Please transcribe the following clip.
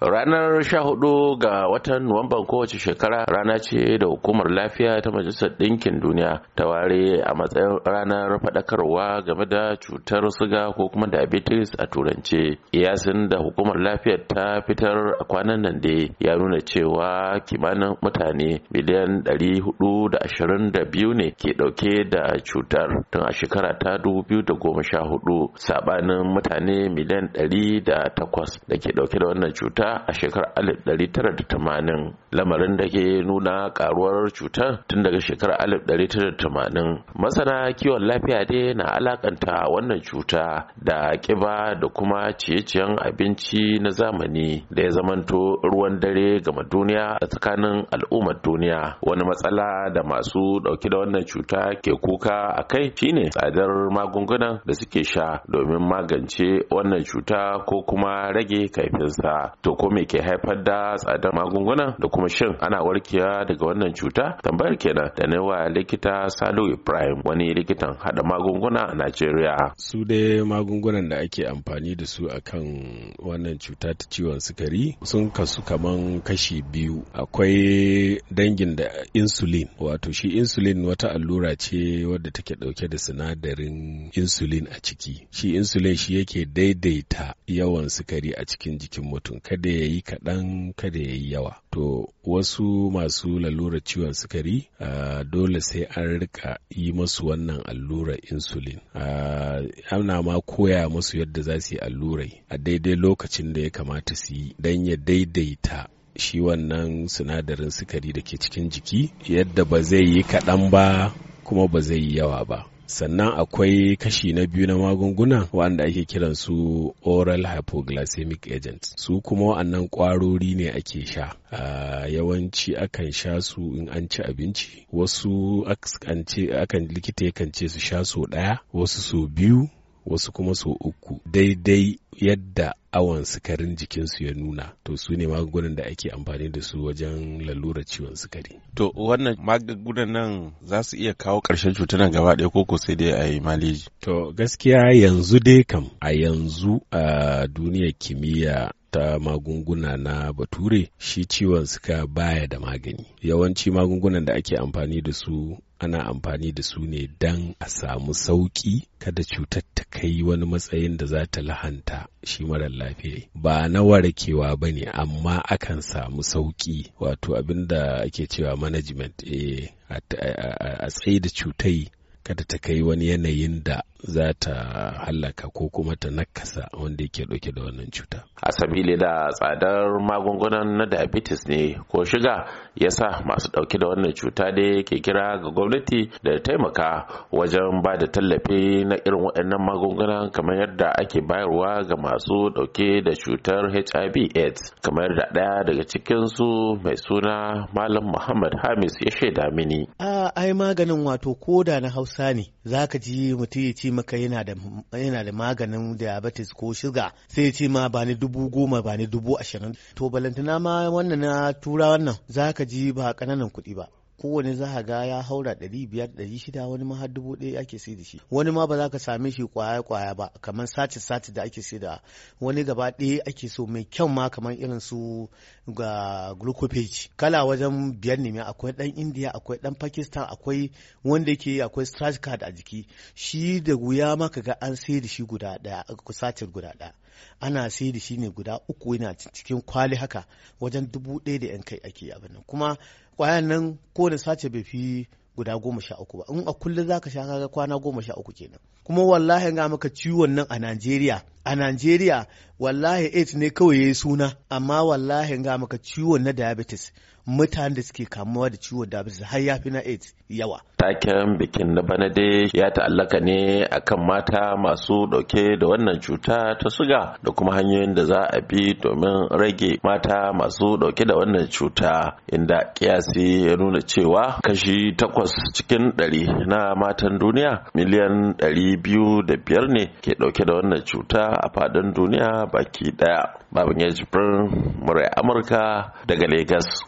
Ranar 14 ga watan Nuwamban kowace shekara rana ce da hukumar lafiya ta Majalisar Ɗinkin Duniya ta ware a matsayin ranar faɗakarwa game da cutar suga ko kuma diabetes a turance. Iyasin da hukumar lafiya ta fitar a kwanan nan da ya nuna cewa kimanin mutane miliyan 422 ne ke ɗauke da cutar tun a shekara ta 2014 saɓanin mutane miliyan 108 da ke ɗauke da wannan cuta a shekarar 1980 lamarin da ke nuna karuwar cutar tun daga shekarar 1980 masana kiwon lafiya dai na alakanta wannan cuta da kiba da kuma ciye-ciyen abinci na zamani da ya zamanto ruwan dare gama duniya a tsakanin al'ummar duniya wani matsala da masu dauke da wannan cuta ke kuka a kai shine tsadar magungunan da suke sha domin magance wannan cuta ko kuma rage kaifinsa to ko me ke haifar da tsadar magunguna da kuma shin ana warkewa daga wannan cuta tambayar kenan da ne wa likita Salo Ibrahim wani likitan hada magunguna a nigeria. su dai magungunan da ake amfani da su akan wannan cuta ta ciwon sukari sun kasu kaman kashi biyu akwai dangin da insulin wato shi insulin wata allura ce wadda take dauke da sinadarin insulin a ciki shi insulin shi yake daidaita yawan sukari a cikin jikin mutum kada kada ya yi kaɗan kada ya yi yawa to wasu masu lalurar ciwon sukari dole sai an rika yi masu wannan allurar insulin ana ma koya masu yadda za su yi allurai a daidai lokacin da ya kamata su yi don ya daidaita shi wannan sinadarin sukari da ke cikin jiki yadda ba zai yi kaɗan ba kuma ba zai yi yawa ba sannan akwai kashi na biyu na magunguna wanda ake kiran su oral hypoglycemic agent. su kuma wa'annan ƙwarori ne ake sha yawanci akan sha su in an ci abinci wasu akan likita yakan ce su sha so ɗaya wasu so biyu wasu kuma so uku daidai yadda awon sukarin jikinsu ya nuna to su ne magungunan da ake amfani da su wajen lalura ciwon sukari. To wannan magungunan nan za su iya kawo ƙarshen cutar gaba ɗaya koko sai dai a yi maleji. To gaskiya yanzu dai kam a yanzu a duniya kimiyya ta magunguna na bature shi ciwon suka baya da magani yawanci magungunan da ake amfani da su ana amfani da su ne don a samu sauƙi kada cutar ta kai wani matsayin da za ta lahanta shi marar lafiya ba na warkewa ba ne amma akan samu sauƙi wato abin da ake cewa management eh, a tsaye da cutai kada ta kai wani yanayin da za ta hallaka ko kuma ta nakasa wanda yake dauke da wannan cuta. A sabili da tsadar magungunan na diabetes ne ko shiga ya sa masu dauke da wannan cuta da ke kira ga gwamnati da taimaka wajen ba da tallafi na irin waɗannan magungunan kamar yadda ake bayarwa ga masu dauke da cutar HIV AIDS kamar da ɗaya daga cikinsu mai suna Malam Muhammad Hamis ya shaida mini. ai maganin wato koda na hausa ne za ka ji mutum ya ce maka yana da maganin diabetes ko shiga sai ya ce ma ba ni dubu goma ba ni dubu ashirin to balantana ma wannan na tura wannan za ka ji ba ƙananan kuɗi ba kowane za ga ya haura ɗari biyar ɗari wani ma har dubu ɗaya ake sai da shi wani ma ba za ka same shi kwaya kwaya ba kamar sati sati da ake sai da wani gaba ɗaya ake so mai kyau ma kamar irin su ga glucopage kala wajen biyar ne akwai ɗan indiya akwai ɗan pakistan akwai wanda yake akwai stratcard card a jiki shi da wuya ma ka ga an sai da shi guda ɗaya satin guda ɗaya ana sai da shi ne guda uku yana cikin kwali haka wajen dubu ɗaya da yan kai ake abin nan kuma kwayan nan da sace bai fi guda goma sha uku ba in a kullum ka sha kaga kwana goma sha uku kenan kuma wallahi ga maka ciwon nan a Najeriya a Najeriya wallahi AIDS ne kawai ya yi suna amma wallahi ga maka ciwon na diabetes mutanen da suke kamuwa da ciwon diabetes har ya fi na AIDS yawa. Taken bikin na bana dai ya ta'allaka ne akan mata masu dauke da wannan cuta ta suga da kuma hanyoyin da za a bi domin rage mata masu dauke da wannan cuta inda kiyasi ya nuna cewa kashi takwas cikin ɗari na matan duniya miliyan ɗari biyu da biyar ne ke dauke da wannan cuta a fadin duniya baki daya babin ya jibin murai amurka daga lagos